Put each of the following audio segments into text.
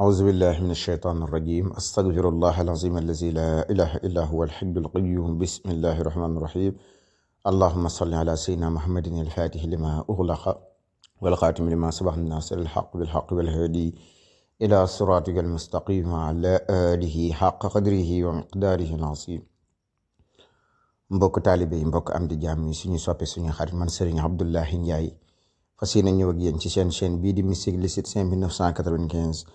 أعوذ بالله من الشيطان الرجيم أستغفر الله العظيم الذي لا إله إلا هو الحي القيوم بسم الله الرحمن الرحيم اللهم صل على سيدنا محمد الفاتح لما أغلق والخاتم لما سبق الناصر الحق بالحق والهدي إلى صراطك المستقيم على آله حق قدره ومقداره العظيم مبوك طالبي مبوك أمد جامي di jàmm yi suñu من سرين عبد الله Serigne Abdoulaye Ndiaye fas yéene ñëw ak yéen ci seen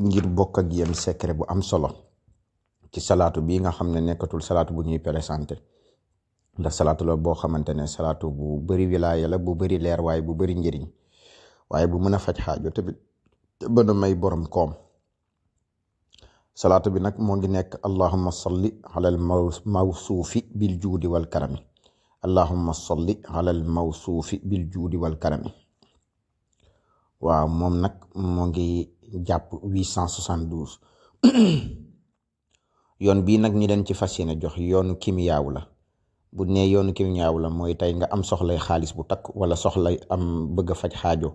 ngir bokk ak yéen secret bu am solo ci salatu bi nga xamne nekatul salatu bu ñuy présenter ndax salatu la bo xamantene salatu bu bari wilaya la bu bari leer way bu bari njëriñ waye bu mëna fajj haajo te bi te bëna may borom koom salatu bi nak mo ngi nek allahumma salli al mawsuufi bil juudi wal karami allahumma salli al mawsuufi bil juudi wal karami waaw mom nak mo ngi jàpp 872 Yon bi nak ñi leen ci fas jox yoonu kimiyaaw la bu ne yoonu kimiyaaw la moy tay nga am soxlay xaaliss bu tak wala soxlay am bëgg faj haajo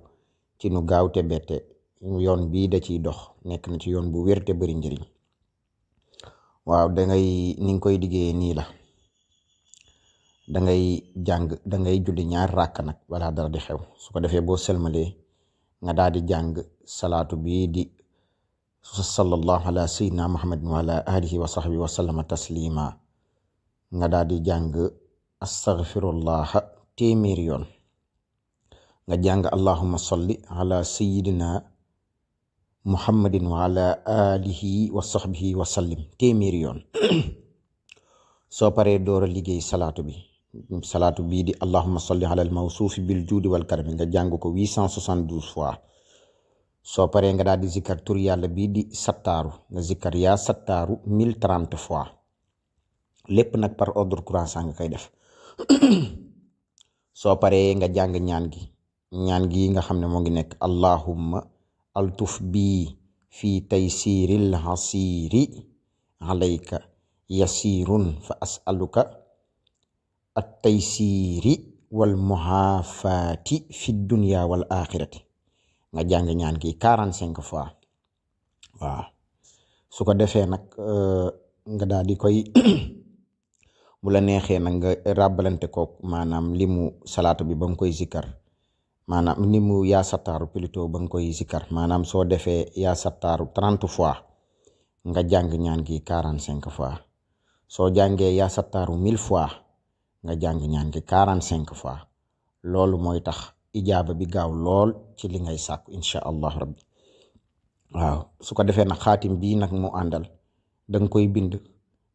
ci nu gaaw te bette yoon bi da ci dox nek na ci yoon bu wërte bari bëri waaw da ngay ni nga koy liggéeyee nii la da ngay jang da ngay julli ñaar rak nak wala dara di xew su ko defé bo selmalé nga daal di jang salaatu bii di sallallahu ala sayyidina muhammadin wa ala alihi wa sahbihi wa sallama taslima nga daal di jàng astaghfirullah téeméer yoon nga jàng allahumma salli ala sayyidina muhammadin wa ala alihi wa sahbihi wa sallim téeméer yoon soo paree door a liggéey salaatu bi salaatu bii di allahumma salli ala al mawsuufi bil juudi wal karami nga jàng ko 872 fois nga ngada di zikr tur yalla bi di sattaru na zikar ya sattaru 1030 fois lepp nak par ordre croissant nga kay def so pare nga jang ñaan gi ñaan gi nga xamne mo ngi nek allahumma altuf bi fi taysiril hasiri alayka yasirun fa as'aluka at-taysiri wal muhafati fi dunya wal akhirati nga jàng ñaan gi 45 fois wa su ko defee nag euh, nga daal di koy bu la nexé nak nga rabalanté ko manam limu salatu bi bang koy zikkar manam limu ya sattaaru plutôt bang koy zikkar manam so defee ya sattaaru 30 fois nga jàng ñaan gi 45 fois so jàngee ya sattaaru 1000 fois nga jàng ñaan gi 45 fois loolu moy tax ijaba bi gaaw lol ci li ngay sakku insha allah rabbi waaw su ko defé nak khatim bi nak mo andal dang koy bind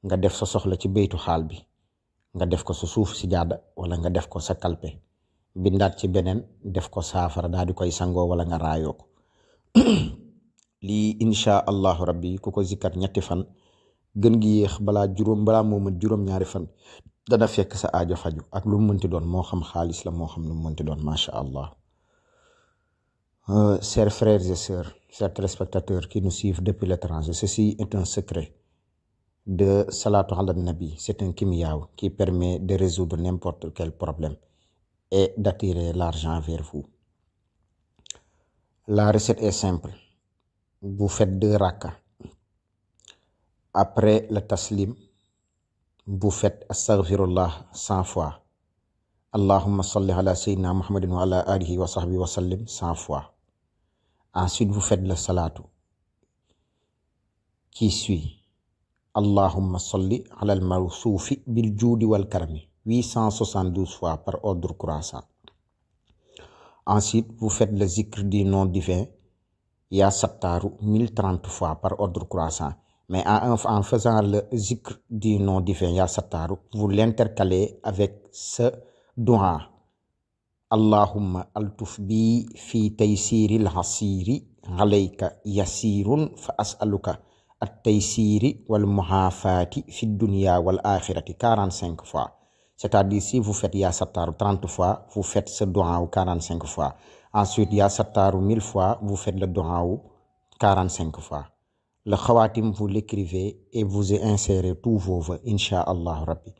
nga def sa soxla ci béytu xaal bi nga def ko sa suuf si jada wala nga def ko sa kalpe bindat ci benen def ko safara daal di koy sango wala nga rayo ko li insha allah rabbi ku ko ñetti fan gën gi yeex bala juróom bala mo mën ñaari fan dana fekk sa ak lu xam la xam lu macha euh, chers frères et sœurs chers téléspectateurs qui nous suivent depuis l'étranger ceci est un secret de salatu ala nabi c'est un kimiyaw qui permet de résoudre n'importe quel problème et d'attirer l'argent vers vous la recette est simple vous faites deux rakas après le taslim vous faites « astaghfirullah 100 fois allahumma salli ala sayyidina muhammadin wa ala alihi wa sahbihi wa sallim 100 fois ensuite vous faites le salatu qui suit allahumma salli ala al mawsufi bil judi wal karmi » 872 fois par ordre croissant ensuite vous faites le zikr du nom divin ya sattaru 1030 fois par ordre croissant mais en, en faisant le zikr du nom divin Ya vous l'intercalez avec ce doua. Allahumma altuf bi fi taysiri al-hasiri alayka yasirun fa as'aluka at-taysiri wal muhafati fi dunya wal akhirati 45 fois. C'est-à-dire si vous faites Ya trente 30 fois, vous faites ce doua 45 fois. Ensuite Ya mille 1000 fois, vous faites le doua 45 fois le khawatim, vous l'écrivez et vous y insérez tous vos vœux, Inch'Allah Rabbi.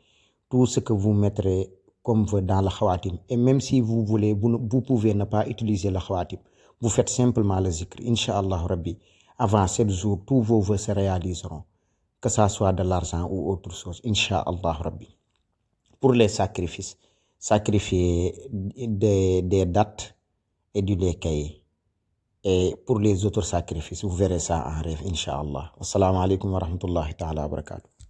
Tout ce que vous mettrez comme voeux dans le khawatim. Et même si vous voulez, vous, pouvez ne pas utiliser le khawatim. Vous faites simplement le zikr, Inch'Allah Rabbi. Avant sept jours, tous vos vœux se réaliseront, que ça soit de l'argent ou autre chose, Inch'Allah Rabbi. Pour les sacrifices, sacrifier des, dates et du lait pour les autres sacrifices. Vous verrez ça en rêve, Inch'Allah. Assalamu alaikum wa rahmatullahi ta'ala wa barakatuh.